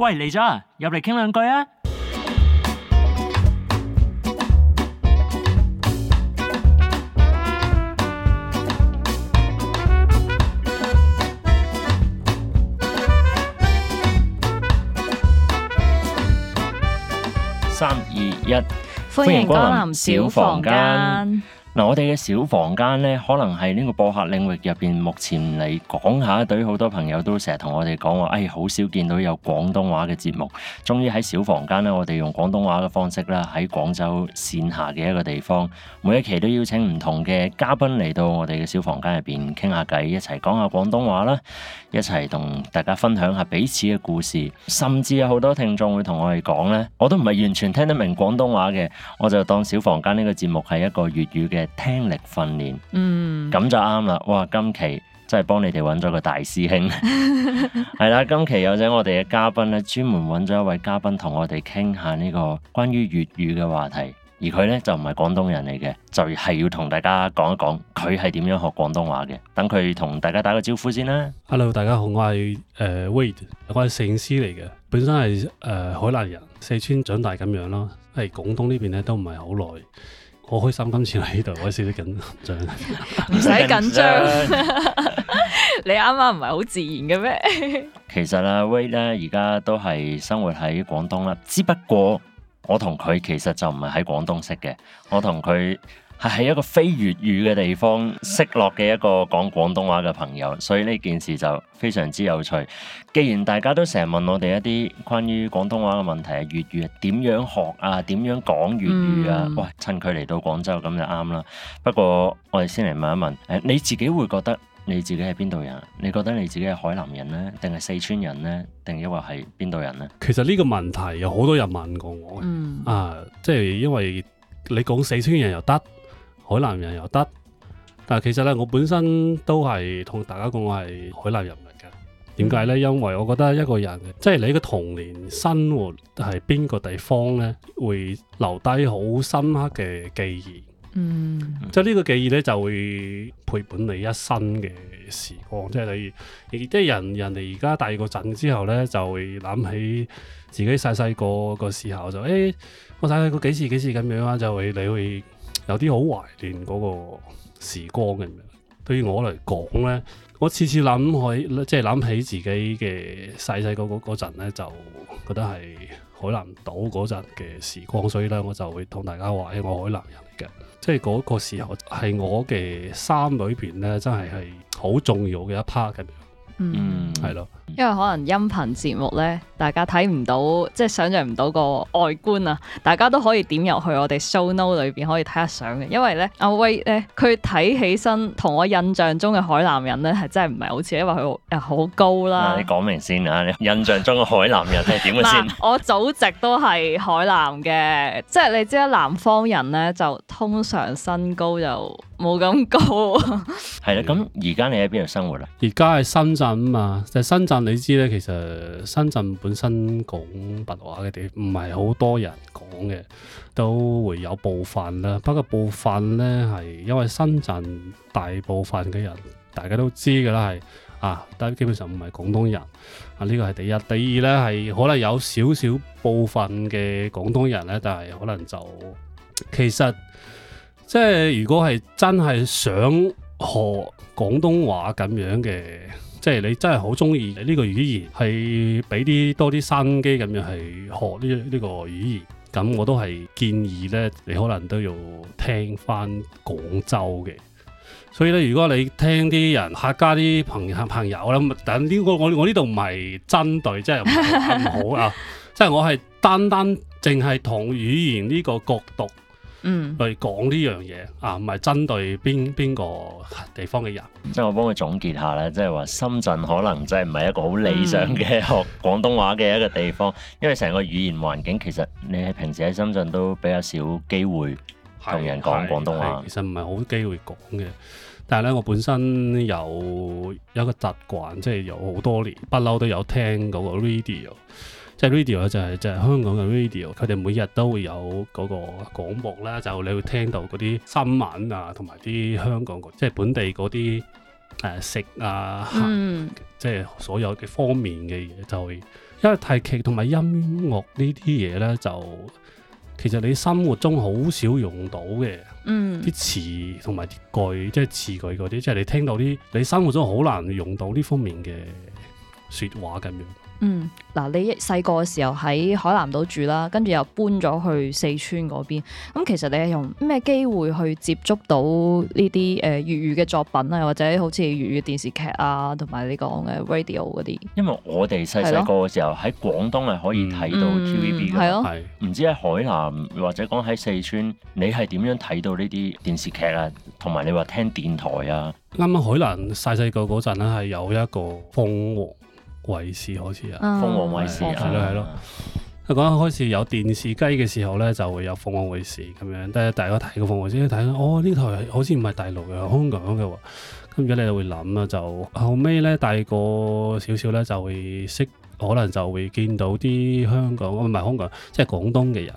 喂，嚟咗，入嚟傾兩句啊！三二一，歡迎光臨小房間。啊，我哋嘅小房間呢，可能係呢個播客領域入邊目前嚟講下，對於好多朋友都成日同我哋講話，誒，哎，好少見到有廣東話嘅節目。終於喺小房間呢，我哋用廣東話嘅方式啦，喺廣州線下嘅一個地方，每一期都邀請唔同嘅嘉賓嚟到我哋嘅小房間入邊傾下偈，一齊講下廣東話啦，一齊同大家分享下彼此嘅故事。甚至有好多聽眾會同我哋講呢：「我都唔係完全聽得明廣東話嘅。」我就當小房間呢個節目係一個粵語嘅聽力訓練，咁、嗯、就啱啦！哇，今期真係幫你哋揾咗個大師兄，係 啦， 今期有請我哋嘅嘉賓咧，專門揾咗一位嘉賓同我哋傾下呢個關於粵語嘅話題，而佢呢，就唔係廣東人嚟嘅，就係、是、要同大家講一講佢係點樣學廣東話嘅。等佢同大家打個招呼先啦。Hello，大家好，我係誒 Wade，我係攝影師嚟嘅，本身係誒、uh, 海南人，四川長大咁樣咯，喺廣東呢邊咧都唔係好耐。我開心，今次喺呢度，我有少少緊張。唔使 緊張， 你啱啱唔係好自然嘅咩？ 其實阿 Wade 咧，而家都係生活喺廣東啦。只不過我同佢其實就唔係喺廣東識嘅，我同佢。係喺一個非粵語嘅地方識落嘅一個講廣東話嘅朋友，所以呢件事就非常之有趣。既然大家都成日問我哋一啲關於廣東話嘅問題啊，粵語係點樣學啊，點樣講粵語啊，哇、嗯，趁佢嚟到廣州咁就啱啦。不過我哋先嚟問一問，誒，你自己會覺得你自己係邊度人？你覺得你自己係海南人呢？定係四川人呢？定抑或係邊度人呢？其實呢個問題有好多人問過我嘅，嗯、啊，即係因為你講四川人又得。海南人又得，但係其實呢，我本身都係同大家講我係海南人嚟嘅。點解呢？因為我覺得一個人即係你個童年生活喺邊個地方呢，會留低好深刻嘅記憶。嗯，即係呢個記憶呢，就會陪伴你一生嘅時光。即係你，即係人人哋而家大個陣之後呢，就會諗起自己細細個個時候就誒，我細細個幾時幾時咁樣啊，就會、哎、小小就會你會有啲好懷念嗰個時光嘅，對於我嚟講咧，我次次諗起即係諗起自己嘅細細個嗰陣咧，就覺得係海南島嗰陣嘅時光，所以咧我就會同大家話，誒、哎，我海南人嘅，即係嗰個時候係我嘅衫裏邊咧，真係係好重要嘅一 part 咁樣，嗯，係咯。因為可能音頻節目咧，大家睇唔到，即係想象唔到個外觀啊！大家都可以點入去我哋 ShowNote 裏邊可以睇下相嘅。因為咧，阿威咧，佢睇起身同我印象中嘅海南人咧，係真係唔係好似，因為佢好高啦、啊啊。你講明先啊，印象中嘅海南人係點嘅先？我祖籍都係海南嘅， 即係你知啦，南方人咧就通常身高就冇咁高。係 啦，咁而家你喺邊度生活啊？而家係深圳啊嘛，就是、深圳。你知咧，其實深圳本身講白話嘅地唔係好多人講嘅，都會有部分啦。不過部分咧係因為深圳大部分嘅人，大家都知嘅啦，係啊，但基本上唔係廣東人啊。呢個係第一，第二咧係可能有少少部分嘅廣東人咧，但係可能就其實即係如果係真係想學廣東話咁樣嘅。即係你真係好中意呢個語言，係俾啲多啲生機咁樣去學呢呢個語言。咁我都係建議呢，你可能都要聽翻廣州嘅。所以呢，如果你聽啲人客家啲朋朋友咧，咁等呢個我我呢度唔係針對，即係唔好 啊，即係我係單單淨係同語言呢個角度。嗯，嚟講呢樣嘢啊，唔係針對邊邊個地方嘅人。即係我幫佢總結下咧，即係話深圳可能真係唔係一個好理想嘅學廣東話嘅一個地方，嗯、 因為成個語言環境其實你喺平時喺深圳都比較少機會同人講廣東話，其實唔係好機會講嘅。但係咧，我本身有，有一個習慣，即係有好多年不嬲都有聽嗰個 radio。即係 radio 咧，就係就係香港嘅 radio，佢哋每日都會有嗰個廣播啦，就你會聽到嗰啲新聞啊，同埋啲香港即係、就是、本地嗰啲誒食啊，即係、嗯啊就是、所有嘅方面嘅嘢。就會因為泰劇同埋音樂呢啲嘢咧，就其實你生活中好少用到嘅，啲詞同埋啲句，即係詞句嗰啲，即、就、係、是就是、你聽到啲你生活中好難用到呢方面嘅説話咁樣。嗯，嗱，你細個嘅時候喺海南島住啦，跟住又搬咗去四川嗰邊。咁其實你係用咩機會去接觸到呢啲誒粵語嘅作品啊，或者好似粵語電視劇啊，同埋呢個 radio 嗰啲？因為我哋細細個嘅時候喺廣東係可以睇到 TVB 嘅，唔、嗯嗯、知喺海南或者講喺四川，你係點樣睇到呢啲電視劇啊？同埋你話聽電台啊？啱啱、嗯、海南細細個嗰陣咧，係有一個鳳衛視好似啊，鳳凰衛視啊，係咯係咯。佢講開始有電視機嘅時候咧，就會有鳳凰衛視咁樣。但係大家睇個鳳凰先睇，哦呢台好似唔係大陸嘅香港嘅喎。咁而家你就會諗啦，就後尾咧大個少少咧就會識，可能就會見到啲香港唔係、啊、香港，即係廣東嘅人。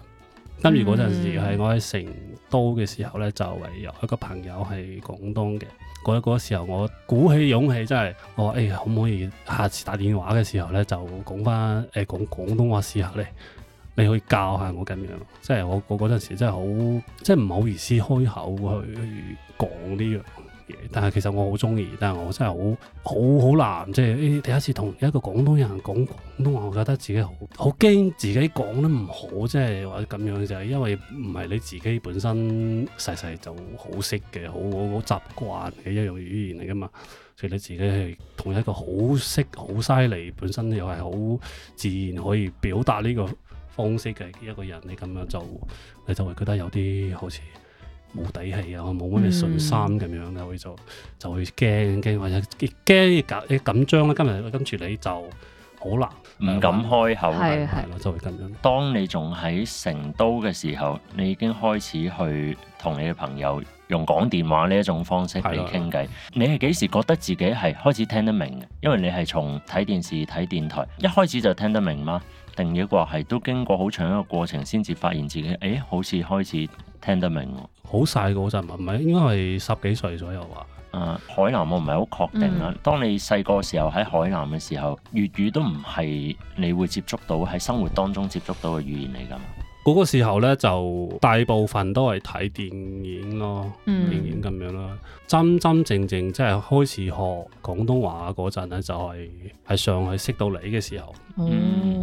跟住嗰陣時係我喺成都嘅時候咧，就唯有一個朋友係廣東嘅。覺得嗰時候我鼓起勇氣，真係我話、欸、可唔可以下次打電話嘅時候咧，就講返誒、欸、講廣東話試下咧，你可以教一下我咁樣，即係我我嗰陣時真係好即係唔好意思開口去，嗯、去講啲嘢。但係其實我好中意，但係我真係好好好難，即係，第一次同一個廣東人講廣東話，我覺得自己好好驚自己講得唔好，即係或者咁樣就係，因為唔係你自己本身細細就好識嘅，好好習慣嘅一種語言嚟噶嘛，所以你自己係同一個好識好犀利，本身又係好自然可以表達呢個方式嘅一個人，你咁樣做，你就會覺得有啲好似。冇底氣啊！我冇咩信心咁樣嘅，會就就會驚驚或者驚緊緊張啦、啊。今日跟住你就好難，唔敢開口，係係，就會咁樣。當你仲喺成都嘅時候，你已經開始去同你嘅朋友用講電話呢一種方式嚟傾偈。係。你係幾時覺得自己係開始聽得明嘅？因為你係從睇電視、睇電台一開始就聽得明嗎？定亦話係都經過好長一個過程先至發現自己，誒、欸、好似開始。聽得明好細個嗰陣，係咪應該係十幾歲左右啊。啊，海南我唔係好確定啦。嗯、當你細個時候喺海南嘅時候，粵語都唔係你會接觸到，喺生活當中接觸到嘅語言嚟㗎。嗰個時候咧，就大部分都係睇電影咯，嗯、電影咁樣啦。真真正正即係開始學廣東話嗰陣咧，就係、是、喺上海識到你嘅時候、哦、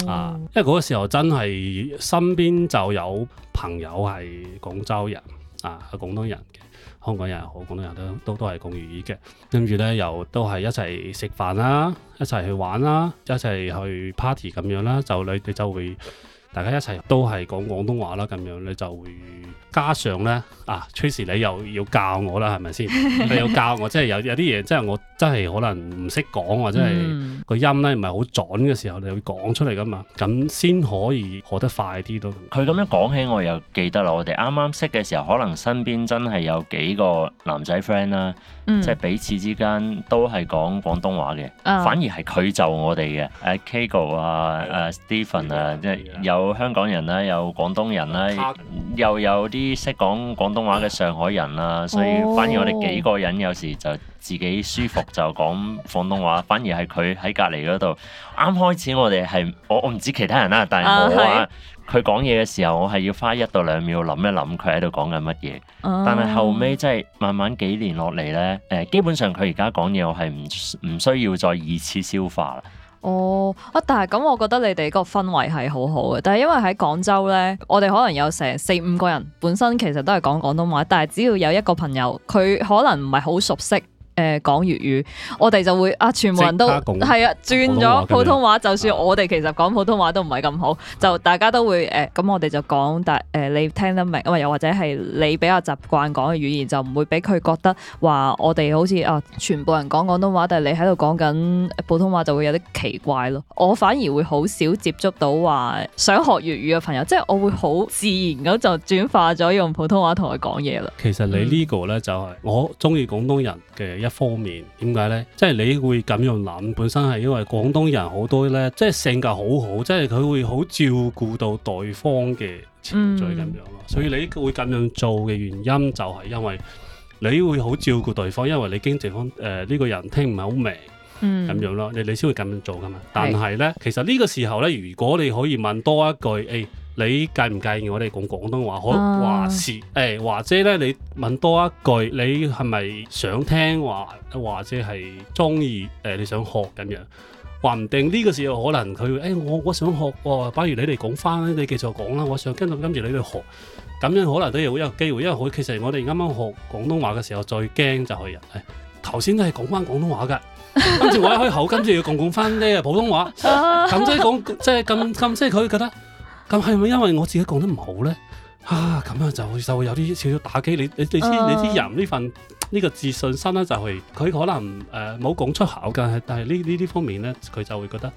啊。因為嗰個時候真係身邊就有朋友係廣州人啊，係廣東人嘅，香港人好，廣東人都都都係講粵語嘅。跟住咧又都係一齊食飯啦，一齊去玩啦，一齊去 party 咁樣啦，就你哋就會。大家一齊都係講廣東話啦，咁樣你就會加上咧啊 Trace 你又要教我啦，係咪先？ 你要教我，即係有有啲嘢，即係我真係可能唔識講或者係個音咧唔係好準嘅時候，你會講出嚟噶嘛，咁先可以學得快啲都。佢咁樣講起，我又記得啦。我哋啱啱識嘅時候，可能身邊真係有幾個男仔 friend 啦，即係、嗯、彼此之間都係講廣東話嘅，嗯、反而係佢就我哋嘅，誒 Kago 啊，誒 Stephen 啊，即係又。有香港人啦，有廣東人啦，又有啲識講廣東話嘅上海人啦，所以反而我哋幾個人有時就自己舒服就講廣東話，反而係佢喺隔離嗰度。啱開始我哋係我我唔知其他人啦，但係我、啊、話佢講嘢嘅時候，我係要花一到兩秒諗一諗佢喺度講緊乜嘢。但係後尾，即係慢慢幾年落嚟呢，誒基本上佢而家講嘢，我係唔唔需要再二次消化啦。哦、oh，啊，但係咁，我覺得你哋嗰個氛圍係好好嘅，但係因為喺廣州呢，我哋可能有成四五個人，本身其實都係講廣東話，但係只要有一個朋友，佢可能唔係好熟悉。誒、呃、講粵語，我哋就會啊，全部人都係上啊，通轉咗普通話。麼就算我哋其實講普通話都唔係咁好，就大家都會誒，咁、呃、我哋就講，但、呃、誒你聽得明啊，又或者係你比較習慣講嘅語言，就唔會俾佢覺得話我哋好似啊，全部人講廣東話，但係你喺度講緊普通話就會有啲奇怪咯。我反而會好少接觸到話想學粵語嘅朋友，即、就、係、是、我會好自然咁就轉化咗用普通話同佢講嘢啦。其實你個呢個咧就係、是、我中意廣東人嘅一方面點解呢？即係你會咁樣諗，本身係因為廣東人好多呢，即係性格好好，即係佢會好照顧到對方嘅情緒咁樣咯。所以你會咁樣做嘅原因，就係因為你會好照顧對方，因為你經濟方誒呢、呃這個人聽唔係好明，嗯，咁樣咯，你你先會咁樣做噶嘛。但係呢，是其實呢個時候呢，如果你可以問多一句，誒、哎。你介唔介意我哋講廣東話？可話是誒，或者咧、哎，你問多一句，你係咪想聽話，或者係中意誒？你想學咁樣，話唔定呢、呢個時候可能佢誒、哎，我我想學喎。不、呃、如你哋講翻，你繼續講啦，我想跟到跟住你哋學，咁樣可能都有一個機會，因為我其實我哋啱啱學廣東話嘅時候，最驚就係人係頭先都係講翻廣東話㗎，跟住我一開口，跟住要講講翻啲普通話，咁即係講即係咁咁，即係佢覺得。咁係咪因為我自己講得唔好咧？啊，咁樣就就會有啲少少打擊你。你啲、uh、你啲人呢份呢、呢個自信心咧，就係佢可能誒冇講出口嘅。但係呢呢呢方面咧，佢就會覺得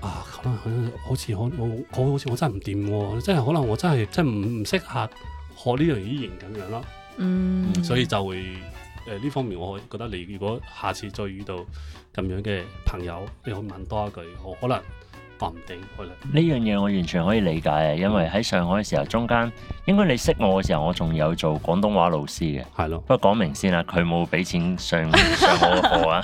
啊，可能好似我我，我好似我真係唔掂，真係可能我真係真唔唔適合學呢樣語言咁樣咯。嗯、um，所以就會誒呢、呃、方面，我覺得你如果下次再遇到咁樣嘅朋友，你可以問多一句，好，可能。呢樣嘢我完全可以理解啊，因為喺上海嘅時候，中間應該你識我嘅時候，我仲有做廣東話老師嘅，係咯的。不過講明先啦，佢冇俾錢上上我嘅課啊，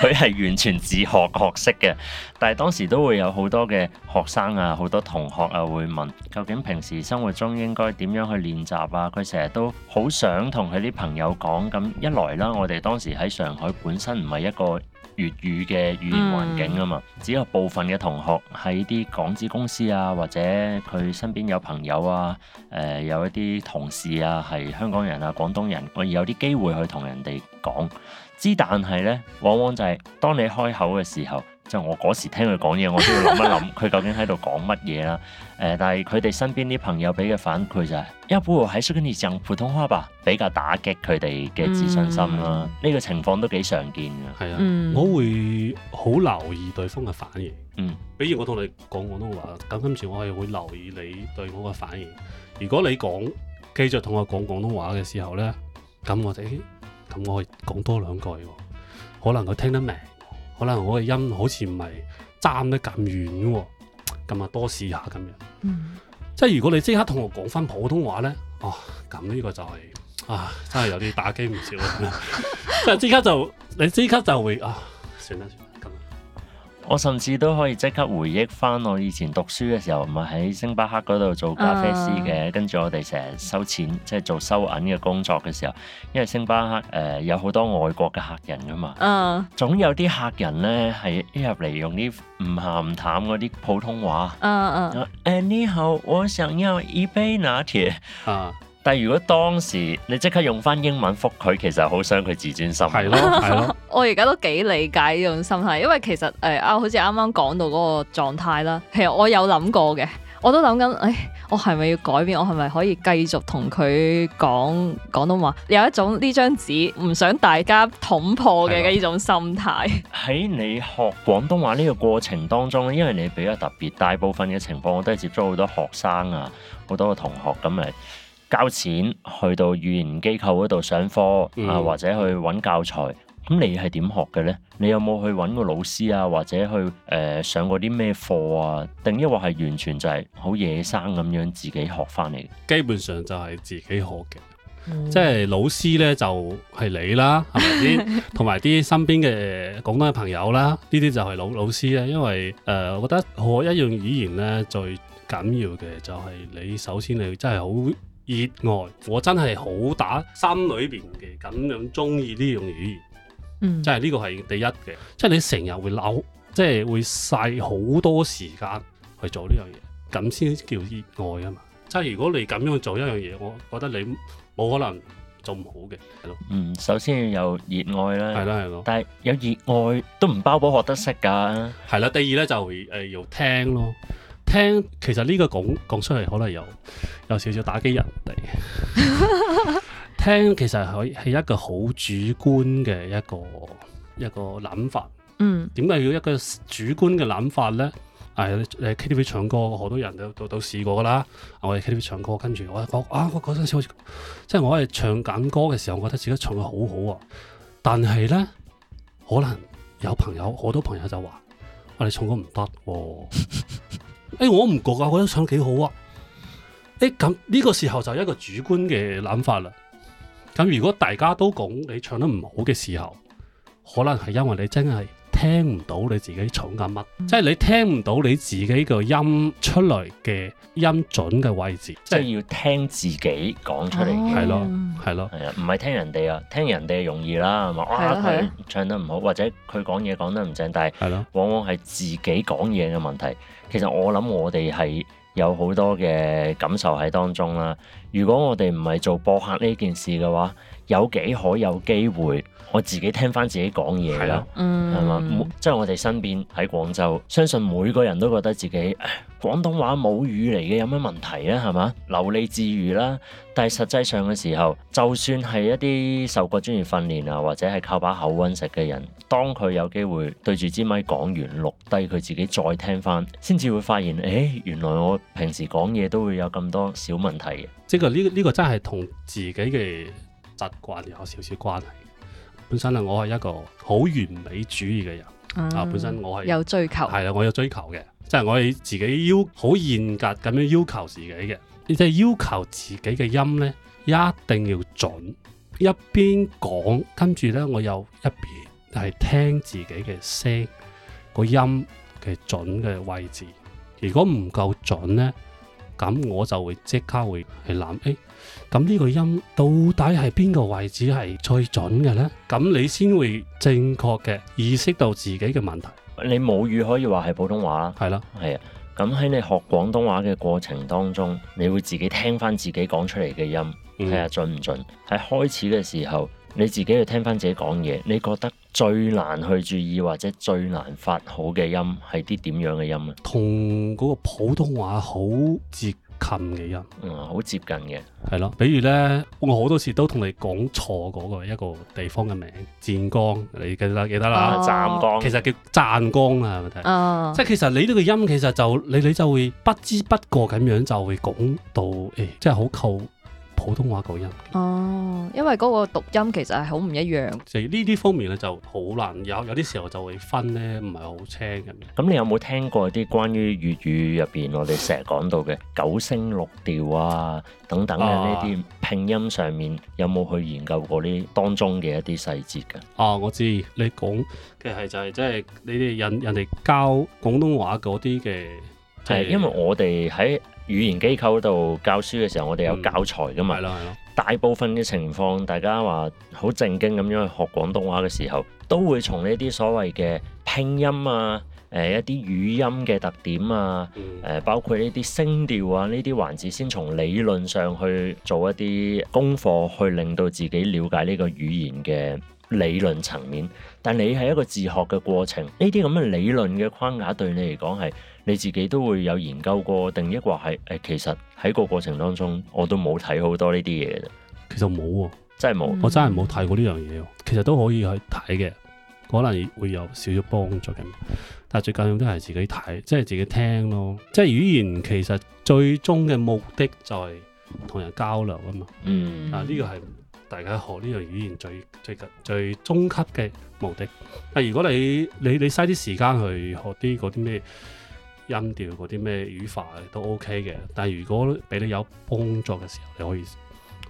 佢係 完全自學學識嘅。但係當時都會有好多嘅學生啊，好多同學啊，會問究竟平時生活中應該點樣去練習啊？佢成日都好想同佢啲朋友講，咁一來啦，我哋當時喺上海本身唔係一個粵語嘅語言環境啊嘛，嗯、只有部分嘅同學喺啲港資公司啊，或者佢身邊有朋友啊，誒、呃、有一啲同事啊係香港人啊、廣東人，我有啲機會去同人哋講。之但係呢，往往就係當你開口嘅時候。就我嗰時聽佢講嘢，我都要諗一諗佢究竟喺度講乜嘢啦。誒、 呃，但係佢哋身邊啲朋友俾嘅反饋就係、是，一般喺蘇格蘭上普通話吧，比較打擊佢哋嘅自信心啦、啊。呢、嗯、個情況都幾常見㗎。係啊，我會好留意對方嘅反應。嗯，比如我同你講廣東話，咁今次我係會留意你對我嘅反應。如果你講繼續同我講廣東話嘅時候咧，咁我哋，咁我可以講多兩句喎，可能佢聽得明。可能我嘅音好似唔係爭得咁遠喎、哦，咁啊多試一下咁樣。嗯、即係如果你即刻同我講返普通話呢，哦、啊，咁呢個就係、是、啊，真係有啲打擊唔少啊！即即 刻就，你即刻就會啊，算啦算啦。我甚至都可以即刻回憶返我以前讀書嘅時候，咪喺星巴克嗰度做咖啡師嘅，uh, 跟住我哋成日收錢，即、就、係、是、做收銀嘅工作嘅時候，因為星巴克誒、呃、有好多外國嘅客人噶嘛，uh, 總有啲客人呢係一入嚟用啲唔咸唔淡嗰啲普通話，誒、uh, uh, eh, 你好，我想要一杯拿鐵。Uh. 但係如果當時你即刻用返英文覆佢，其實好傷佢自尊心。係咯，係咯。 我而家都幾理解呢種心態，因為其實誒，啱、哎、好似啱啱講到嗰個狀態啦。其實我有諗過嘅，我都諗緊，誒、哎，我係咪要改變？我係咪可以繼續同佢講廣東話？有一種呢張紙唔想大家捅破嘅呢種心態。喺的 你學廣東話呢個過程當中咧，因為你比較特別，大部分嘅情況我都係接觸好多學生啊，好多個同學咁嚟。交錢去到語言機構嗰度上課、嗯、啊，或者去揾教材，咁你係點學嘅呢？你有冇去揾過老師啊，或者去誒、呃、上過啲咩課啊？定抑或係完全就係好野生咁樣自己學翻嚟？基本上就係自己學嘅，嗯、即係老師呢，就係、是、你啦，係咪先？同埋啲身邊嘅廣東嘅朋友啦，呢啲就係老老師咧。因為誒、呃，我覺得學一樣語言呢，最緊要嘅就係你首先你真係好、嗯。熱愛，我真係好打心裏邊嘅咁樣中意呢樣語言，嗯，真係呢個係第一嘅，即係你成日會扭，即係會嘥好多時間去做呢樣嘢，咁先叫熱愛啊嘛。即係如果你咁樣做一樣嘢，我覺得你冇可能做唔好嘅，係咯。嗯，首先要有熱愛啦，係啦係咯。但係有熱愛都唔包保學得識㗎。係啦，第二咧就誒要聽咯。聽，其實呢個講講出嚟，可能有有少少打擊人哋。 聽，其實係係一個好主觀嘅一個一個諗法。嗯。點解要一個主觀嘅諗法咧？誒、哎，你喺 KTV 唱歌，好多人都都都試過噶啦。我哋 KTV 唱歌，跟住我我啊，嗰陣時好似即係我係唱緊歌嘅時候，我覺得自己唱得好好啊。但係咧，可能有朋友，好多朋友就話我哋唱歌唔得，啊。 誒、欸、我唔覺，我覺得唱得幾好啊！誒咁呢個時候就是一個主觀嘅諗法啦。咁如果大家都講你唱得唔好嘅時候，可能係因為你真係，聽唔到你自己重緊、啊、乜，嗯、即係你聽唔到你自己個音出嚟嘅音準嘅位置，即係要聽自己講出嚟，係、oh. 咯，係咯，係啊，唔係聽人哋啊，聽人哋容易啦，係、啊、嘛，哇、啊，佢、啊、唱得唔好，或者佢講嘢講得唔正，但係係咯，往往係自己講嘢嘅問題。咯其實我諗我哋係有好多嘅感受喺當中啦。如果我哋唔係做播客呢件事嘅話，有幾可有機會我自己聽翻自己講嘢咯？係嘛、嗯，即係我哋身邊喺廣州，相信每個人都覺得自己廣東話母語嚟嘅，有咩問題啊？係嘛，流利自如啦。但係實際上嘅時候，就算係一啲受過專業訓練啊，或者係靠把口温食嘅人，當佢有機會對住支咪講完錄低佢自己再聽翻，先至會發現，誒原來我平時講嘢都會有咁多小問題嘅。即呢呢個真係同自己嘅習慣有少少關係。本身啊，我係一個好完美主義嘅人啊，嗯、本身我係有追求，係啦，我有追求嘅，即係我係自己要好嚴格咁樣要求自己嘅，即係要求自己嘅音呢一定要準。一邊講跟住呢我又一邊係聽自己嘅聲，個音嘅準嘅位置，如果唔夠準呢？咁我就會即刻會去諗，哎，咁呢個音到底係邊個位置係最準嘅呢？咁你先會正確嘅意識到自己嘅問題。你母語可以話係普通話啦，係啦的，係啊。咁喺你學廣東話嘅過程當中，你會自己聽返自己講出嚟嘅音，睇下準唔準。喺、嗯、開始嘅時候。你自己去聽翻自己講嘢，你覺得最難去注意或者最難發好嘅音係啲點樣嘅音咧？同嗰個普通話好接近嘅音，嗯，好接近嘅，係咯。比如咧，我好多時都同你講錯嗰個一個地方嘅名，湛江，你記得記得啦，湛江、哦，其實叫湛江啊，係咪？哦，即係其實你呢個音其實就你你就會不知不覺咁樣就會講到，誒、欸，即係好靠。普通話讀音哦，因為嗰個讀音其實係好唔一樣，即係呢啲方面咧就好難有，有有啲時候就會分咧，唔係好清咁。咁你有冇聽過啲關於粵語入邊我哋成日講到嘅九聲六調啊等等，嘅呢啲拼音上面有冇去研究過呢當中嘅一啲細節㗎？啊，我知你講嘅係就係即係你哋人人哋教廣東話嗰啲嘅，即係因為我哋喺。語言機構度教書嘅時候，我哋有教材㗎嘛？嗯、大部分嘅情況，大家話好正經咁樣去學廣東話嘅時候，都會從呢啲所謂嘅拼音啊，誒、呃、一啲語音嘅特點啊，誒、呃、包括呢啲聲調啊，呢啲環節先從理論上去做一啲功課，去令到自己了解呢個語言嘅理論層面。但你係一個自學嘅過程，呢啲咁嘅理論嘅框架對你嚟講係。你自己都會有研究過，定抑或係誒？其實喺個過程當中，我都冇睇好多呢啲嘢。其實冇喎，啊，真係冇。我真係冇睇過呢樣嘢喎。其實都可以去睇嘅，可能會有少少幫助嘅。但係最緊要都係自己睇，即係自己聽咯。即係語言其實最終嘅目的就係同人交流啊嘛。嗯。啊，呢個係大家學呢樣語言最最緊最終級嘅目的。但如果你你你嘥啲時間去學啲嗰啲咩音調嗰啲咩語法都 OK 嘅，但係如果俾你有幫助嘅時候，你可以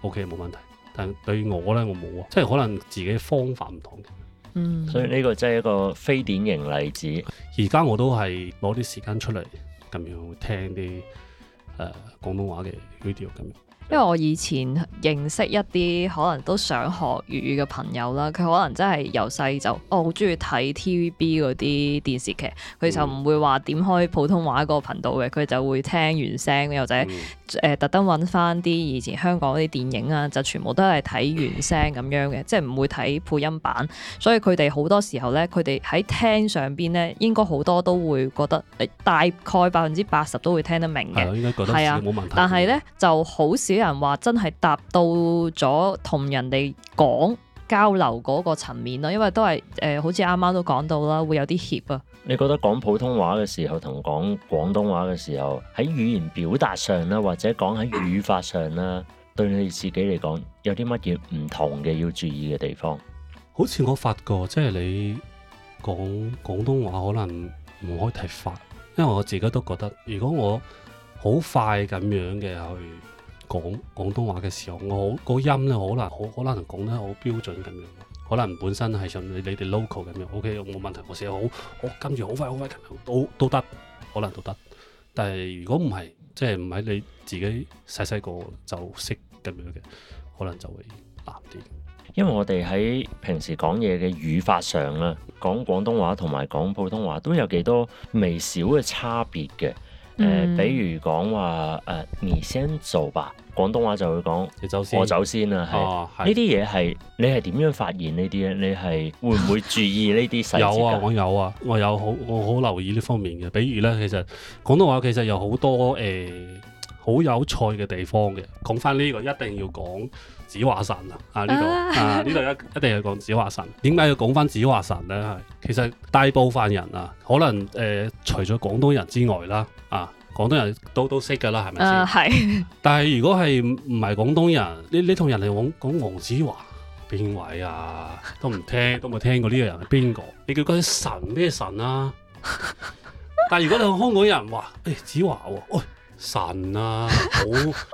OK 冇問題。但係對於我咧，我冇啊，即係可能自己方法唔同嘅。嗯，所以呢個真係一個非典型例子。而家我都係攞啲時間出嚟咁樣聽啲誒、呃、廣東話嘅語調咁樣。因為我以前認識一啲可能都想學粵語嘅朋友啦，佢可能真係由細就哦好中意睇 TVB 嗰啲電視劇，佢就唔會話點開普通話個頻道嘅，佢就會聽原聲，又或者誒、呃、特登揾返啲以前香港啲電影啊，就全部都係睇原聲咁樣嘅，即係唔會睇配音版。所以佢哋好多時候咧，佢哋喺聽上邊咧，應該好多都會覺得大概百分之八十都會聽得明嘅，應該覺得冇問題啊。但係咧就好少。有人話真係達到咗同人哋講交流嗰個層面咯，因為都係誒、呃，好似啱啱都講到啦，會有啲怯啊。你覺得講普通話嘅時候同講廣東話嘅時候，喺語言表達上啦，或者講喺語法上啦， 對你自己嚟講有啲乜嘢唔同嘅要注意嘅地方？好似我發覺，即係你講廣東話可能唔可以睇法，因為我自己都覺得，如果我好快咁樣嘅去。講廣東話嘅時候，我好嗰、那個、音咧，可能可可能講得好標準咁樣，可能本身係想你你哋 local 咁樣，O K 冇問題，我寫好我跟住好快好快咁樣，都都得，可能都得。但係如果唔係，即係唔係你自己細細個就識咁樣嘅，可能就會難啲。因為我哋喺平時講嘢嘅語法上啦，講廣東話同埋講普通話都有幾多微小嘅差別嘅。誒、呃，比如講話誒，你先做吧。廣東話就會講，你走先我走先，啊、啦。係呢啲嘢係你係點樣發現呢啲咧？你係會唔會注意呢啲細節？ 有啊，我有啊，我有好，我好留意呢方面嘅。比如咧，其實廣東話其實有好多誒。欸好有趣嘅地方嘅，講翻呢個一定要講子華神啊！啊呢度啊呢度一一定要講子華神。點解要講翻子華神咧？其實大部分人啊，可能誒、呃、除咗廣東人之外啦，啊廣東人都都識㗎啦，係咪先？係、啊。但係如果係唔係廣東人，你你同人嚟講講黃子華，邊位啊？都唔聽，都冇聽過呢個人，邊個？你叫啲神咩神啊？但係如果你同香港人話，誒子、哎、華喎、啊，喂、哎！神啊，好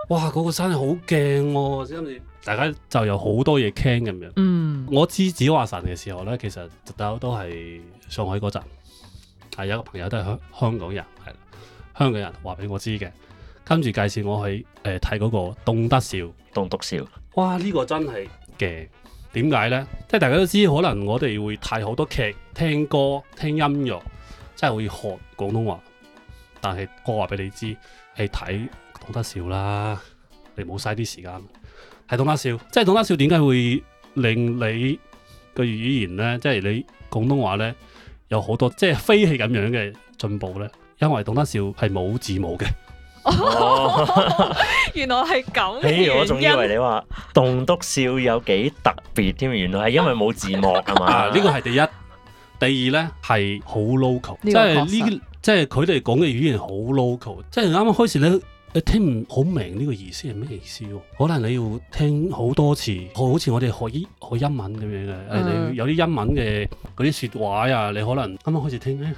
哇！嗰、那個山係好勁喎，知知大家就有好多嘢傾咁樣。嗯，我知子華神嘅時候呢，其實直到都係上海嗰陣，係有個朋友都係香香港人，係香港人話俾我知嘅，跟住介紹我去誒睇嗰個《棟篤笑》，《棟篤笑》。哇！呢、這個真係嘅，點解呢？即係大家都知，可能我哋會睇好多劇、聽歌、聽音樂，真係會學廣東話，但係我話俾你知。係睇棟篤笑啦，你冇嘥啲時間睇棟篤笑，即係棟篤笑點解會令你個語言咧，即係你廣東話咧有好多即係飛起咁樣嘅進步咧，因為棟篤笑係冇字幕嘅、哦。原來係咁， 我仲以為你話棟篤笑」有幾特別添，原來係因為冇字幕㗎嘛，呢個係第一，第二咧係好 local，即係呢。即係佢哋講嘅語言好 local，即係啱啱開始咧，你聽唔好明呢個意思係咩意思，啊？可能你要聽好多次，好似我哋學英學英文咁樣嘅。嗯、你有啲英文嘅嗰啲説話啊，你可能啱啱開始聽咧，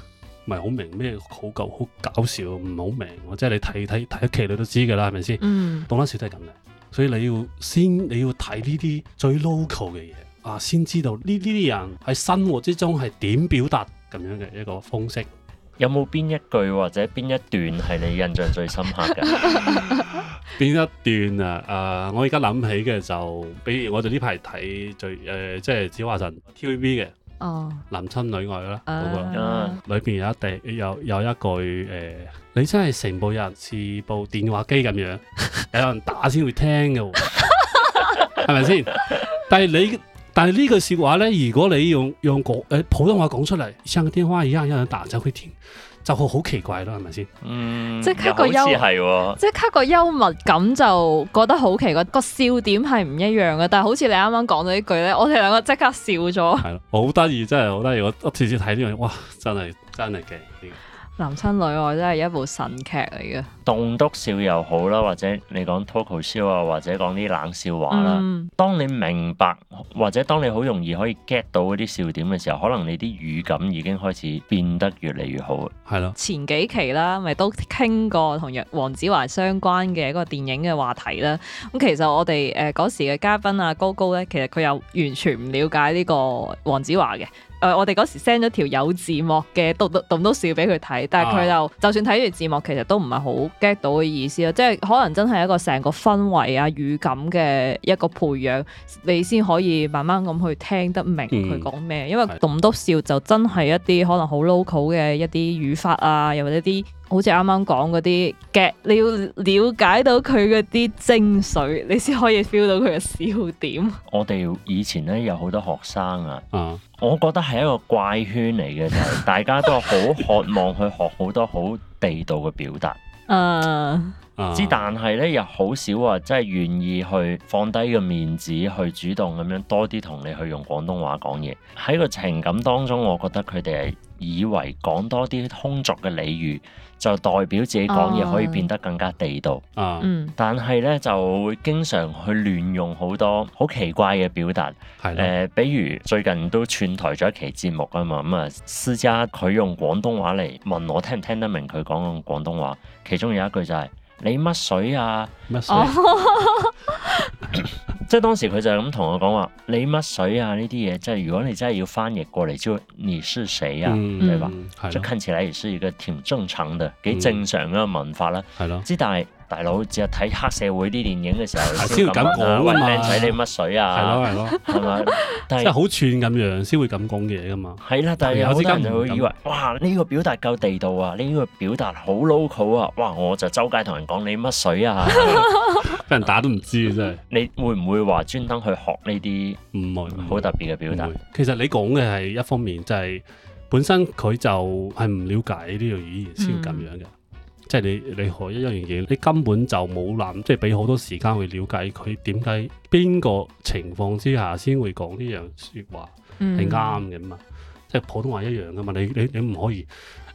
唔、哎、唔係好明咩好舊好搞笑，唔好明，啊。即係你睇睇睇一期，你都知㗎啦，係咪先？嗯，講得少都係咁嘅，所以你要先你要睇呢啲最 local 嘅嘢啊，先知道呢呢啲人喺生活之中係點表達咁樣嘅一個方式。.有冇邊一句或者邊一段係你印象最深刻嘅？邊一段啊？啊，我依家諗起嘅就，比如我哋呢排睇最，誒，即係子華神 TVB 嘅哦，《男親女愛》啦嗰個，裏邊有一第，有有一句誒，你真係成部人似部電話機咁樣，有人打先會聽嘅，係咪先？但係你。但係呢句說話咧，如果你用用講、嗯、普通話講出嚟，像個電話一樣一人打就去聽，就係好奇怪咯，係咪先？嗯，即係個優似係喎，即刻個幽默感就覺得好奇怪，個、嗯、笑點係唔一樣嘅，但係好似你啱啱講咗呢句咧，我哋兩個即刻笑咗。係咯，好得意，真係好得意，我次次睇呢樣嘢，哇！真係真係勁男親女愛都係一部神劇嚟嘅。棟篤笑又好啦，或者你講 talk show 啊，或者講啲冷笑話啦。嗯、當你明白或者當你好容易可以 get 到嗰啲笑點嘅時候，可能你啲語感已經開始變得越嚟越好係咯，的前幾期啦，咪都傾過同楊黃子華相關嘅一個電影嘅話題啦。咁其實我哋誒嗰時嘅嘉賓啊高高咧，其實佢又完全唔了解呢個黃子華嘅。 我哋嗰時 send 咗條有字幕嘅，棟篤笑俾佢睇，但係佢就就算睇住字幕，其實都唔係好 get 到嘅意思咯，即係可能真係一個成個氛圍啊、語感嘅一個培養，你先可以慢慢咁去聽得明佢講咩，因為棟篤笑就真係一啲可能好 local 嘅一啲語法啊，又或者啲。好似啱啱講嗰啲嘅，你要了解到佢嗰啲精髓，你先可以 feel 到佢嘅笑點。 我哋以前咧有好多學生啊，嗯、我覺得係一個怪圈嚟嘅，就係 大家都好渴望去學好多好地道嘅表達。嗯、uh。之、嗯、但係咧，又好少話、啊，真係願意去放低個面子，去主動咁樣多啲同你去用廣東話講嘢。喺個情感當中，我覺得佢哋係以為講多啲通俗嘅俚語，就代表自己講嘢可以變得更加地道。嗯，嗯但係咧就會經常去亂用好多好奇怪嘅表達。係咧、嗯呃，比如最近都串台咗一期節目啊嘛。咁、嗯、啊，私家佢用廣東話嚟問我聽唔聽得明佢講嘅廣東話，其中有一句就係、是。你乜水啊？ 即係當時佢就咁同我講話， 你乜水啊？呢啲嘢即係如果你真係要翻譯過嚟，就「係你是誰啊？嗯、對吧？這看吧起來也是一個挺正常的、幾正常嘅文法啦。係咯，之但係。大佬，只係睇黑社會啲電影嘅時候先 會咁講啊！靚仔喂、嗯、你乜水啊？係咯係咯，係咪？即係好串咁樣先會咁講嘢噶嘛？係啦，但係有啲人就會以為，這樣 哇！呢個表達夠地道啊，呢個表達好 local 啊！哇！我就周街同人講你乜水啊，俾人打都唔知啊！真係，你會唔會話專登去學呢啲唔會好特別嘅表達？其實你講嘅係一方面就係、是、本身佢就係唔了解呢條語言先咁樣嘅、嗯。即係你你學一樣嘢，你根本就冇諗，即係俾好多時間去了解佢點解邊個情況之下先會講呢樣説話係啱嘅嘛？嗯、即係普通話一樣噶嘛？你你你唔可以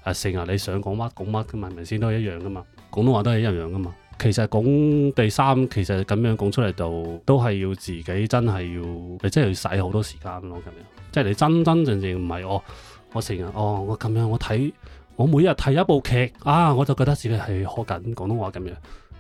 啊，成日你想講乜講乜噶嘛？係咪先都一樣噶嘛？廣東話都係一樣噶嘛？其實講第三，其實咁樣講出嚟就都係要自己真係要，你真係要使好多時間咯，咁樣。即係你真真正正唔係哦，我成日哦，我咁樣我睇。我每日睇一部劇啊，我就覺得自己係學緊廣東話咁樣，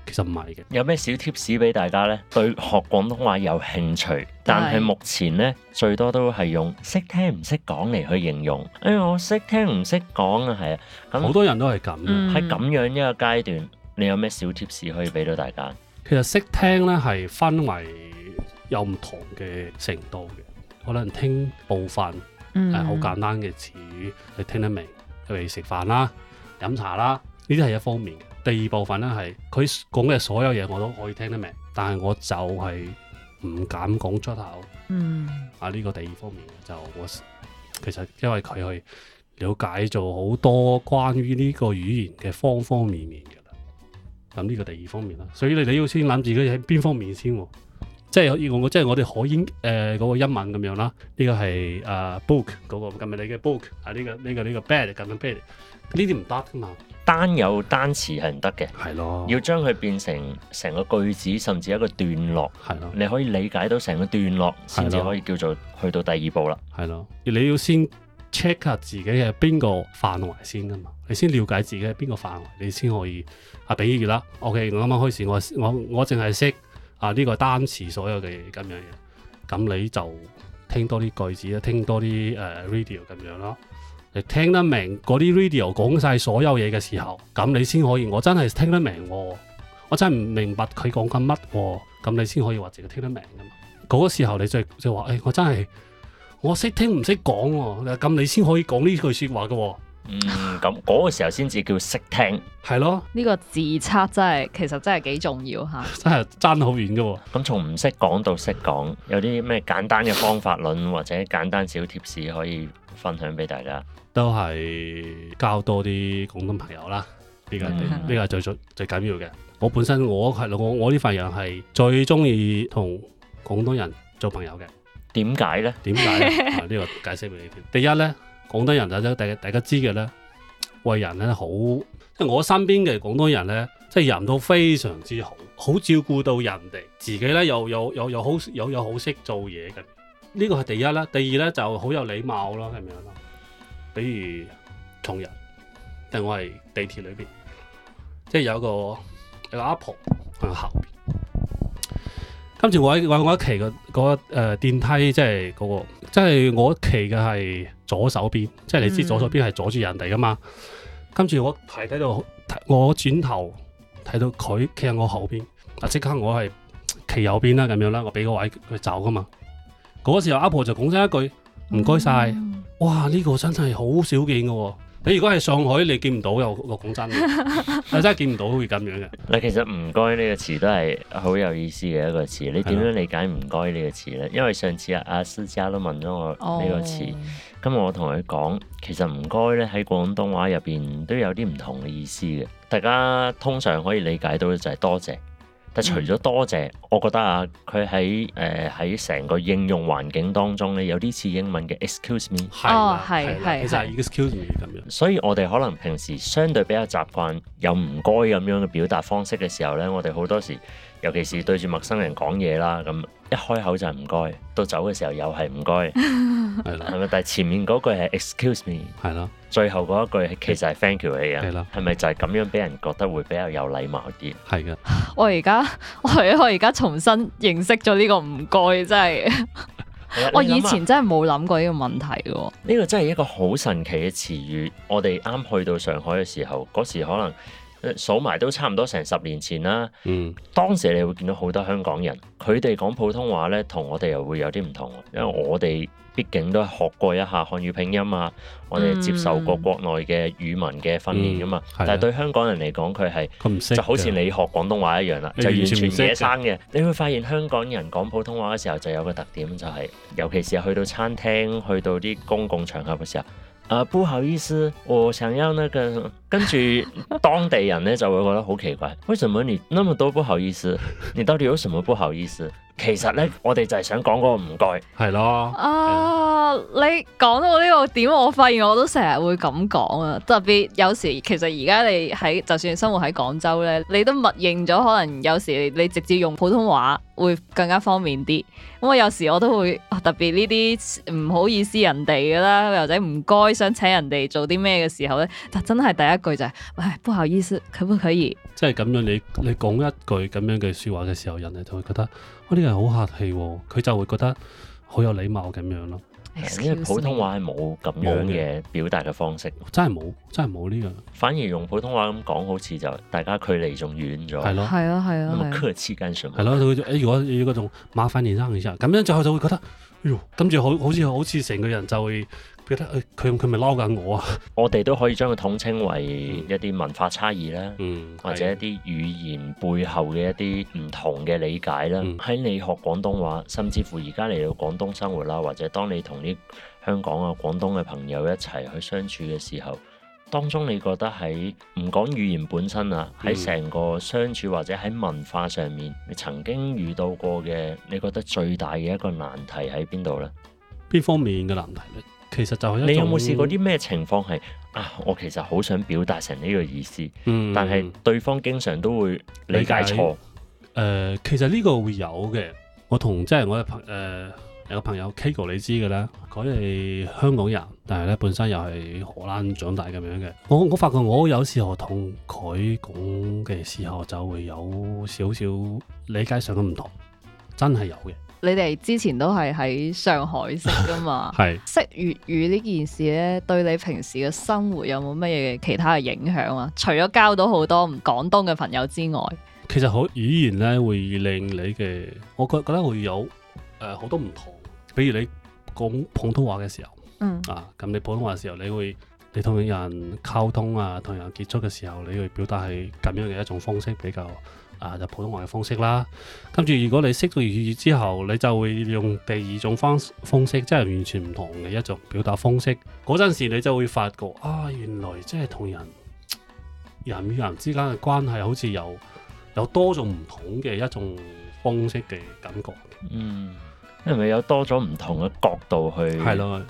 其實唔係嘅。有咩小貼士俾大家呢？對學廣東話有興趣， 但係目前呢，最多都係用識聽唔識講嚟，去形容。哎，我識聽唔識講啊，係啊。好多人都係咁。喺咁樣一個階段，你有咩小貼士可以俾到大家？嗯、其實識聽呢係分為有唔同嘅程度嘅，可能聽部分係好簡單嘅詞語，你聽得明。佢哋食飯啦、飲茶啦，呢啲係一方面。第二部分咧係佢講嘅所有嘢，我都可以聽得明，但係我就係唔敢講出口。嗯，啊呢、呢個第二方面就我其實因為佢去了解做好多關於呢個語言嘅方方面面㗎啦。咁呢個第二方面啦，所以你哋要先諗自己喺邊方面先，啊。即係我我即係我哋可以誒嗰個英文咁樣啦，呢、呢個係啊、uh, book 嗰、嗰個你嘅 book 啊呢個呢、嗰個呢、嗰個、呢個嗰個、bad 今日 bad 呢啲唔得噶嘛，單有單詞係唔得嘅，係咯，要將佢變成成個句子，甚至一個段落，係咯，你可以理解到成個段落，先至咯可以叫做去到第二步啦，係咯，你要先 check 下自己係邊個範圍先噶嘛，你先了解自己係邊個範圍，你先可以啊俾意見啦。O、okay, K，我啱啱開始我我我淨係識。啊！呢個單詞所有嘅嘢咁樣嘅，咁你就聽多啲句子啦，聽多啲誒 radio 咁樣咯。你聽得明嗰啲 radio 講晒所有嘢嘅時候，咁你先可以。我真係聽得明喎，我真係唔明白佢講緊乜喎。咁你先可以話自己聽得明噶嘛？嗰個時候你就就話誒，我真係我識聽唔識講喎。咁你先可以講呢句説話嘅喎。嗯，咁嗰個時候先至叫識聽，係咯？呢個自測真係，其實真係幾重要吓，真係爭好遠噶喎。咁從唔識講到識講，有啲咩簡單嘅方法論或者簡單小貼士可以分享俾大家？都係交多啲廣東朋友啦，呢、呢個呢 個最最最緊要嘅。我本身我係我我呢份人係最中意同廣東人做朋友嘅，點解呢？點解咧？呢、 啊呢個解釋俾你聽。第一呢。廣東人就即係大家知嘅咧，為人咧好，即係我身邊嘅廣東人咧，即係人都非常之好，好照顧到人哋，自己咧又又又又好又又好識做嘢嘅。呢、這個係第一啦，第二咧就好有禮貌咯，係咪啊？比如重人，定我係地鐵裏邊，即係有個有 p l e 喺後邊，跟住我我我一期、那個嗰誒、呃、電梯，即係嗰、那個。即係我企嘅係左手邊，嗯、即係你知左手邊係阻住人哋噶嘛。跟住我睇睇到，我轉頭睇到佢企喺我後邊，即刻我係企右邊啦咁樣啦，我畀個位佢走噶嘛。嗰時候阿婆就講咗一句，唔該晒。嗯、哇，呢、這個真係好少見噶喎。你如果係上海，你見唔到又我講真，真係見唔到會咁樣嘅。嗱， 其實唔該呢個詞都係好有意思嘅一個詞。你點樣理解唔該呢個詞咧？因為上次阿、啊啊、思嘉都問咗我呢個詞，oh。今日我同佢講，其實唔該咧喺廣東話入邊都有啲唔同嘅意思嘅。大家通常可以理解到就係、是、多謝，謝。但除咗多謝，謝，我覺得啊，佢喺誒喺成個應用環境當中咧，有啲似英文嘅 excuse me，係係係，其實係 excuse me 咁樣。所以我哋可能平時相對比較習慣有唔該咁樣嘅表達方式嘅時候咧，我哋好多時，尤其是對住陌生人講嘢啦咁。一開口就唔該，到走嘅時候又係唔該，係咯，係咪？但係前面嗰句係 Excuse me，係咯，最後嗰一句其實係 Thank you 嚟啊，係咪 就係咁樣俾人覺得會比較有禮貌啲？係嘅 是的 我而家我我而家重新認識咗呢、呢個唔該，真係 我以前真係冇諗過呢個問題喎。呢、 啊、個真係一個好神奇嘅詞語。我哋啱去到上海嘅時候，嗰時可能。數埋都差唔多成十年前啦。嗯、當時你會見到好多香港人，佢哋講普通話呢，同我哋又會有啲唔同。因為我哋畢竟都係學過一下漢語拼音啊，我哋接受過國內嘅語文嘅訓練㗎嘛。嗯、但係對香港人嚟講，佢係、嗯、就好似你學廣東話一樣啦，就完全野生嘅。你會發現香港人講普通話嘅時候，就有個特點，就是，就係尤其是去到餐廳、去到啲公共場合嘅時候。啊、呃，不好意思，我想要那個，跟住當地人呢，就會覺得好奇怪，為什麼你那麼多不好意思？ 你到底有什麼不好意思？其實咧，我哋就係想講嗰、那個唔該，係咯。啊， uh, 你講到呢個點，我發現我都成日會咁講啊。特別有時，其實而家你喺，就算生活喺廣州咧，你都默認咗。可能有時你直接用普通話會更加方便啲。咁我有時我都會特別呢啲唔好意思人哋噶啦，或者唔該想請人哋做啲咩嘅時候咧，就真係第一句就係、是，唉，不，不好意思，可唔可以？即係咁樣，你你講一句咁樣嘅説話嘅時候，人哋就會覺得。嗰啲人好客氣，哦，佢就會覺得好有禮貌咁樣咯。因為 Excuse me. 普通話係冇咁樣嘅表達嘅方式，真係冇，真係冇呢個。反而用普通話咁講，好似就大家距離仲遠咗，係咯，啊，係咯，啊，係咯，啊，冇，啊、客氣跟上。係咯，啊，如果要嗰種麻煩你生然之後咁樣就就會覺得，哎喲，跟住好好似好似成個人就會。覺得佢佢咪嬲緊我啊！我哋都可以將佢統稱為一啲文化差異啦，嗯、或者一啲語言背後嘅一啲唔同嘅理解啦。喺、嗯、你學廣東話，甚至乎而家嚟到廣東生活啦，或者當你同啲香港啊、廣東嘅朋友一齊去相處嘅時候，當中你覺得喺唔講語言本身啊，喺成個相處或者喺文化上面，嗯、你曾經遇到過嘅，你覺得最大嘅一個難題喺邊度呢？邊方面嘅難題呢？其實就係一種。你有冇試過啲咩情況係啊？我其實好想表達成呢個意思，嗯、但係對方經常都會理解錯。誒、呃，其實呢個會有嘅。我同即係我嘅朋誒有個朋友 K 哥你知嘅啦，佢係香港人，但係咧本身又係荷蘭長大咁樣嘅。我我發覺我有時候同佢講嘅時候就會有少少理解上都唔同，真係有嘅。你哋之前都係喺上海識㗎嘛？係 是識粵語呢件事咧，對你平時嘅生活有冇乜嘢其他嘅影響啊？除咗交到好多唔廣東嘅朋友之外，其實好語言咧會令你嘅，我覺覺得會有誒好、呃、多唔同。比如你講普通話嘅時候，嗯啊，咁你普通話嘅時、啊、時候，你會你同人溝通啊，同人結束嘅時候，你會表達係咁樣嘅一種方式比較。啊！就是、普通話嘅方式啦，跟住如果你識到粵語之後，你就會用第二種方式方式，即係完全唔同嘅一種表達方式。嗰陣時你就會發覺啊，原來即係同人人與人之間嘅關係，好似有有多種唔同嘅一種方式嘅感覺。嗯，係咪有多咗唔同嘅角度去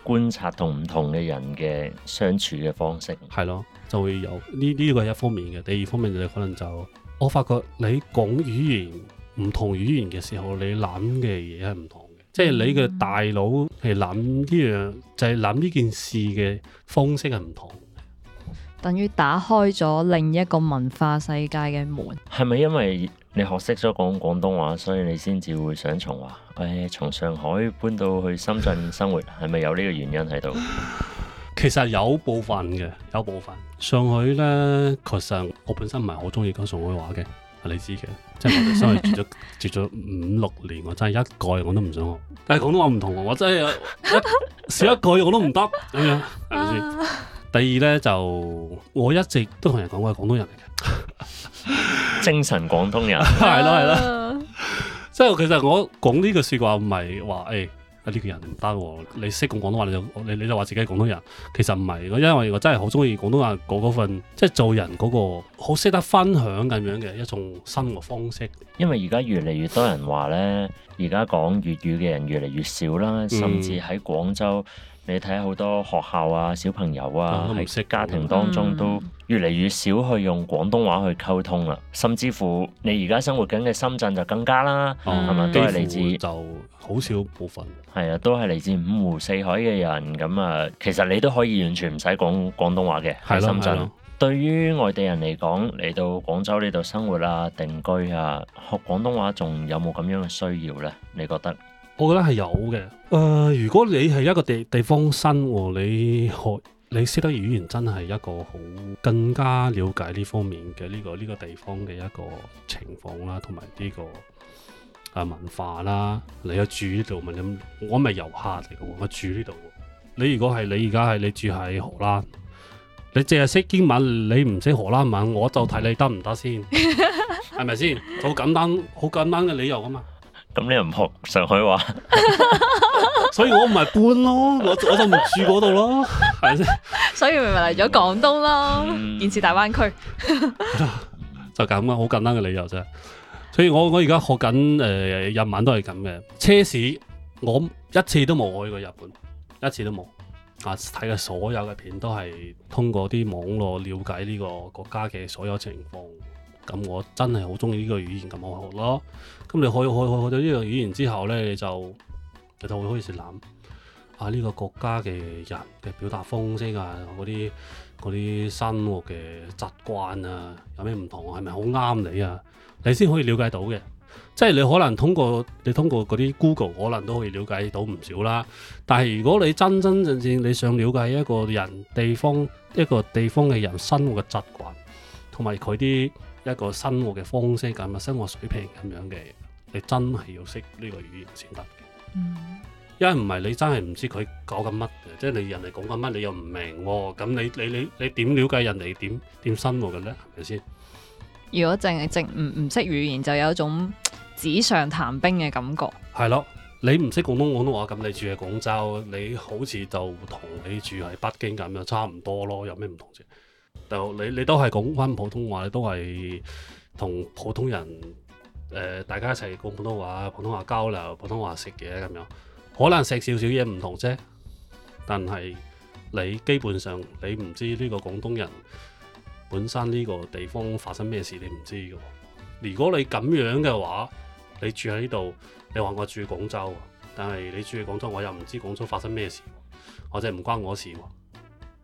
觀察同唔同嘅人嘅相處嘅方式？係咯的。就會有呢呢、這個係一方面嘅，第二方面就係可能就我發覺你講語言唔同語言嘅時候，你諗嘅嘢係唔同嘅，即係你嘅大腦係諗呢樣，就係諗呢件事嘅方式係唔同，等於打開咗另一個文化世界嘅門。係咪因為你學識咗講廣東話，所以你先至會想從話誒從上海搬到去深圳生活？係咪 有呢個原因喺度？ 其實有部分嘅，有部分。上海咧，確實我本身唔係好中意講上海話嘅，你知嘅。即係我哋上去住咗 住咗五六年，我真係一句我都唔想學。但係廣東話唔同，我真係一 少一句我都唔得咁樣。第二咧，就我一直都同人講我係廣東人嚟嘅， 精神廣東人係咯係咯。即係其實我講呢句話說話唔係話誒。欸呢個人唔得，你識講廣東話，你就你你就話自己係廣東人，其實唔係。因為我真係好中意廣東話嗰份，即係做人嗰個好識得分享咁樣嘅一種生活方式。因為而家越嚟越多人話咧，而家講粵語嘅人越嚟越少啦，甚至喺廣州。嗯你睇好多學校啊、小朋友啊、啊家庭當中都越嚟越少去用廣東話去溝通啦，甚至乎你而家生活緊嘅深圳就更加啦，係咪、嗯？是是都係嚟自就好少部分。係啊，都係嚟自五湖四海嘅人。咁啊，其實你都可以完全唔使講廣東話嘅喺深圳。對於外地人嚟講，嚟到廣州呢度生活啊、定居啊，學廣東話仲有冇咁樣嘅需要呢？你覺得？我覺得係有嘅。誒、呃，如果你係一個地地方生、哦，你學你識得語言真係一個好，更加了解呢方面嘅、呢、呢個呢、呢個地方嘅一個情況啦，同埋呢個啊文化啦。你住呢度，我咁我咪係遊客嚟嘅，我住呢度。你如果係你而家係你住喺荷蘭，你淨係識英文，你唔識荷蘭文，我就睇你得唔得先，係咪先？好簡單，好簡單嘅理由啊嘛。咁你又唔學上海話，所以我唔係搬咯，我我就唔住嗰度咯，係咪先？所以咪咪嚟咗廣東咯，建設大灣區就咁啊，好簡單嘅理由啫。所以我我而家學緊誒日文都係咁嘅。車市我一次都冇去過日本，一次都冇啊！睇嘅所有嘅片都係通過啲網絡了解呢個國家嘅所有情況。咁我真係好中意呢個語言咁好學咯。咁你可以去到呢樣語言之後咧，你就你就會開始諗啊呢個國家嘅人嘅表達方式啊，嗰啲啲生活嘅習慣啊，有咩唔同啊，係咪好啱你啊？你先可以了解到嘅，即係你可能通過你通過嗰啲 Google 可能都可以了解到唔少啦。但係如果你真真正正你想了解一個人地方一個地方嘅人生活嘅習慣，同埋佢啲一個生活嘅方式咁啊，生活水平咁樣嘅。你真係要識呢個語言先得，嘅、嗯，因為唔係你真係唔知佢搞緊乜嘅，即係你人哋講緊乜，你又唔明、啊，咁你你你你點了解人哋點點生活嘅咧？係咪先？如果淨係淨唔唔識語言，就有一種紙上談兵嘅感覺。係咯，你唔識廣東廣東話，咁你住喺廣州，你好似就同你住喺北京咁，就差唔多咯。有咩唔同啫？就你你都係講翻普通話，你都係同普通人。誒、呃，大家一齊講普通話，普通話交流，普通話食嘢咁樣，可能食少少嘢唔同啫。但係你基本上你唔知呢個廣東人本身呢個地方發生咩事，你唔知㗎。如果你咁樣嘅話，你住喺呢度，你話我住廣州，但係你住喺廣州，我又唔知廣州發生咩事，我真係唔關我事喎。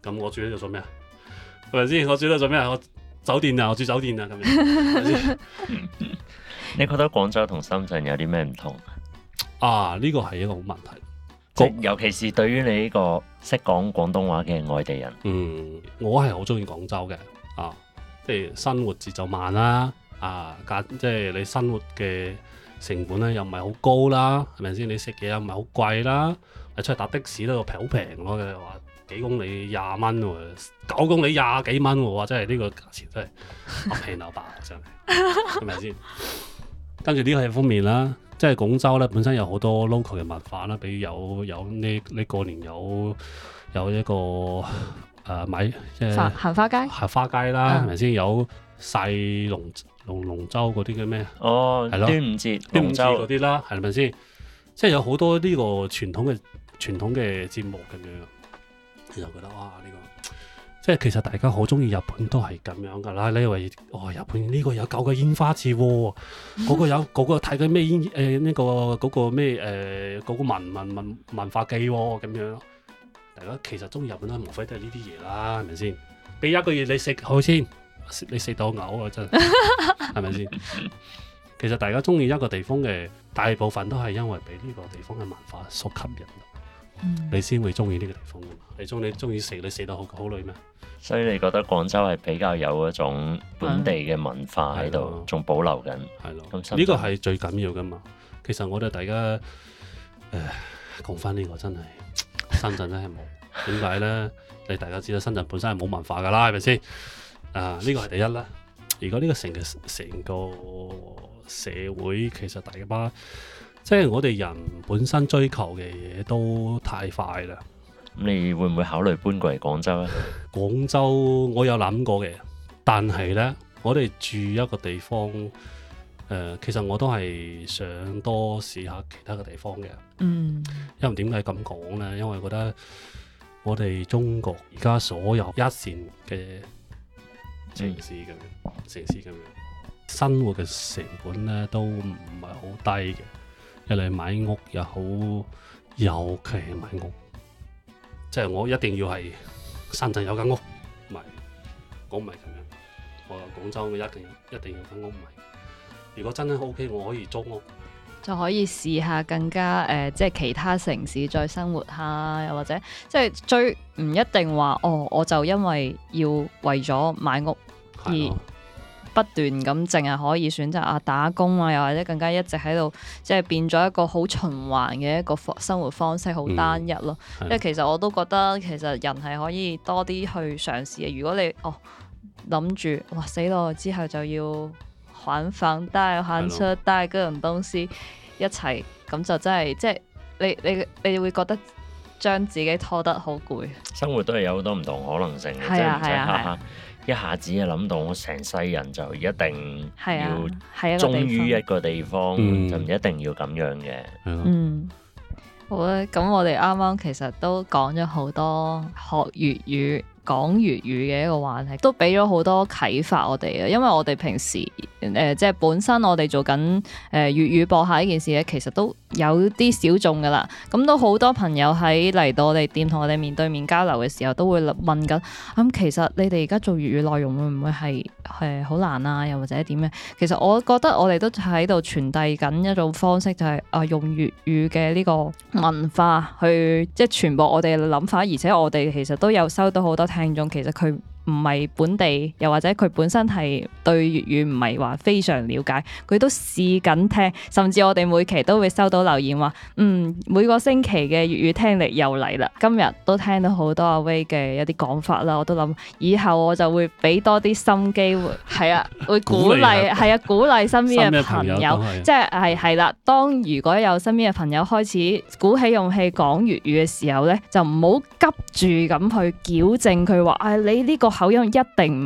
咁我住喺度做咩係咪先？我住喺度做咩啊？我酒店啊，我住酒店啊咁樣。是 你覺得廣州同深圳有啲咩唔同啊？呢個係一個好問題，即個尤其是對於你呢個識講廣東話嘅外地人。嗯，我係好中意廣州嘅啊，即係生活節奏慢啦，啊，價即係你生活嘅成本咧又唔係好高啦，係咪先？你食嘢又唔係好貴啦，你出去搭的士都好平，我嘅話幾公里廿蚊喎，九公里廿幾蚊喎，哇、啊！真係呢個價錢真係好平，真係，係咪先？是 跟住呢個係方面啦，即係廣州咧本身有好多 local 嘅文化啦，比如有有你你過年有有一個誒、呃、買即係行花街行花街啦，係咪先？有細龍龍龍舟啲嘅咩？哦，係咯，端午節端午節啲啦，係咪先？即係有好多呢個傳統嘅傳統嘅節目咁樣，你就覺得哇呢、呢個。即係其實大家好中意日本都係咁樣㗎啦，你以為哦日本呢個有舊嘅煙花節、哦，嗰、那個有嗰、那個睇緊咩煙誒呢、呃那個嗰、那個咩誒嗰個文文文文化記咁、哦、樣，大家其實中意日本啦，無非都係呢啲嘢啦，係咪先？俾一個嘢你食好先，你食到嘔啊真係，係咪先？ 其實大家中意一個地方嘅大部分都係因為俾呢個地方嘅文化所吸引。你先會中意呢個地方噶嘛？你中你中意食你食得好好耐咩？所以你覺得廣州係比較有嗰種本地嘅文化喺度，啊，仲保留緊係咯？呢個係最緊要噶嘛？其實我哋大家誒講翻呢個真係，深圳真係冇點解咧？呢 你大家知道深圳本身係冇文化噶啦，係咪先？啊呢，這個係第一啦。如果呢個成個成個社會，其實大家。即係我哋人本身追求嘅嘢都太快啦。你會唔會考慮搬過嚟廣州呢？ 廣州我有諗過嘅，但係呢，我哋住一個地方，呃、其實我都係想多試下其他嘅地方嘅。嗯，因為點解咁講呢？因為覺得我哋中國而家所有一線嘅城市咁樣，嗯、城市咁樣，生活嘅成本呢都唔係好低嘅。一嚟買屋又好，尤其係買屋，即係我一定要係深圳有間屋唔係，我唔係咁樣。我廣州一定一定要間屋唔係。如果真係 OK，我可以租屋，就可以試下更加誒、呃，即係其他城市再生活下，又或者即係最唔一定話哦，我就因為要為咗買屋而。不斷咁淨係可以選擇啊打工啊，又或者更加一直喺度，即係變咗一個好循環嘅一個生活方式，好單一咯。嗯、因為其實我都覺得其實人係可以多啲去嘗試嘅。如果你哦諗住哇死咯，之後就要還房貸，還車貸，各樣東西一齊，咁就真係即係你你你會覺得將自己拖得好攰。生活都係有好多唔同可能性嘅，即係唔一下子就諗到，我成世人就一定要、啊、一忠於一個地方，嗯、就唔一定要咁樣嘅。嗯，好啦，咁我哋啱啱其實都講咗好多學粵語。講粵語嘅一個話題，都俾咗好多啟發我哋啊！因為我哋平時誒、呃，即係本身我哋做緊誒粵語播客呢件事咧，其實都有啲小眾噶啦。咁、嗯、都好多朋友喺嚟到我哋店同我哋面對面交流嘅時候，都會問緊咁、嗯。其實你哋而家做粵語內容會唔會係誒好難啊？又或者點樣？其實我覺得我哋都喺度傳遞緊一種方式、就係，就係啊，用粵語嘅呢個文化去即係傳播我哋嘅諗法，而且我哋其實都有收到好多。聽眾其實佢唔係本地，又或者佢本身係，對粵語唔係話非常了解，佢都試緊聽，甚至我哋每期都會收到留言話，嗯，每個星期嘅粵語聽力又嚟啦，今日都聽到好多阿威嘅一啲講法啦，我都諗以後我就會俾多啲心機，係 啊，會鼓勵，係勵啊，鼓勵身邊嘅朋友，朋友即係係係啦。當如果有身邊嘅朋友開始鼓起勇氣講粵語嘅時候咧，就唔好急住咁去矯正佢話，啊、哎、你呢個口音一定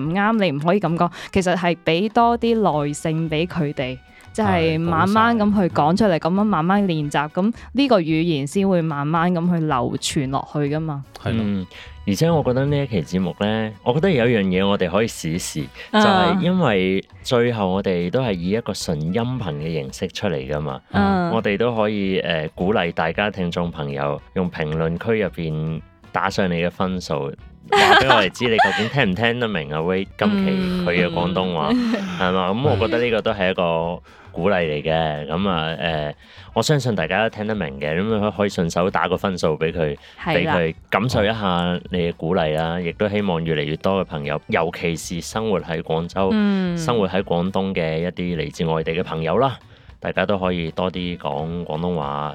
唔啱，你唔可以咁講，其實係。係俾多啲耐性俾佢哋，即係慢慢咁去講出嚟，咁樣的慢慢練習，咁呢、嗯、個語言先會慢慢咁去流傳落去噶嘛。係咯的、嗯，而且我覺得呢一期節目呢，我覺得有一樣嘢我哋可以試一試，就係、是、因為最後我哋都係以一個純音頻嘅形式出嚟噶嘛。嗯、我哋都可以誒、呃、鼓勵大家聽眾朋友用評論區入邊打上你嘅分數。話俾 我哋知，你究竟聽唔聽得明啊？Wade 今期佢嘅廣東話係嘛？咁我覺得呢個都係一個鼓勵嚟嘅。咁、嗯、啊，誒、呃，我相信大家都聽得明嘅。咁、嗯、可以順手打個分數俾佢，俾佢的感受一下你嘅鼓勵啦、啊。亦都希望越嚟越多嘅朋友，尤其是生活喺廣州、嗯、生活喺廣東嘅一啲嚟自外地嘅朋友啦。大家都可以多啲講廣東話，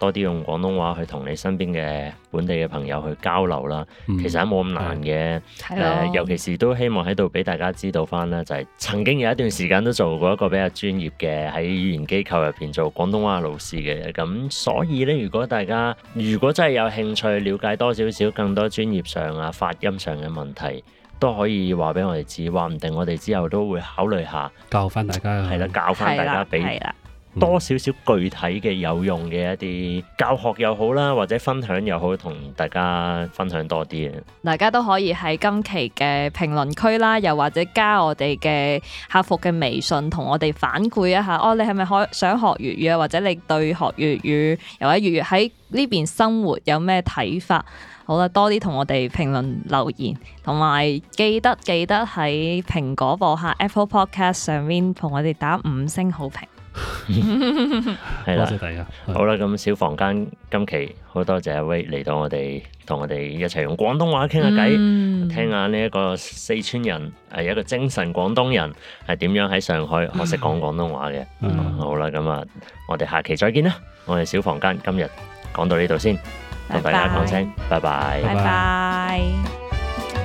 多啲用廣東話去同你身邊嘅本地嘅朋友去交流啦。其實冇咁難嘅，尤其是都希望喺度俾大家知道翻啦。就係曾經有一段時間都做過一個比較專業嘅喺語言機構入邊做廣東話老師嘅。咁所以呢，如果大家如果真係有興趣了解多少少更多專業上啊發音上嘅問題，都可以話俾我哋知，話唔定我哋之後都會考慮下教翻大家，係啦，教翻大家俾。多少少具體嘅有用嘅一啲教學又好啦，或者分享又好，同大家分享多啲啊！大家都可以喺今期嘅評論區啦，又或者加我哋嘅客服嘅微信，同我哋反饋一下哦。你係咪可想學粵語啊？或者你對學粵語又或者粵語喺呢邊生活有咩睇法？好啦，多啲同我哋評論留言，同埋記得記得喺蘋果播客 Apple Podcast 上面同我哋打五星好評。係啦， 了好啦，咁小房間今期好多謝阿威嚟到我哋，同我哋一齊用廣東話傾、嗯、下偈，聽下呢一個四川人係、呃、一個精神廣東人，係點樣喺上海學識講廣東話嘅。嗯、好啦，咁啊，我哋下期再見啦。我哋小房間今日講到呢度先，同大家講聲拜拜，拜拜。拜拜。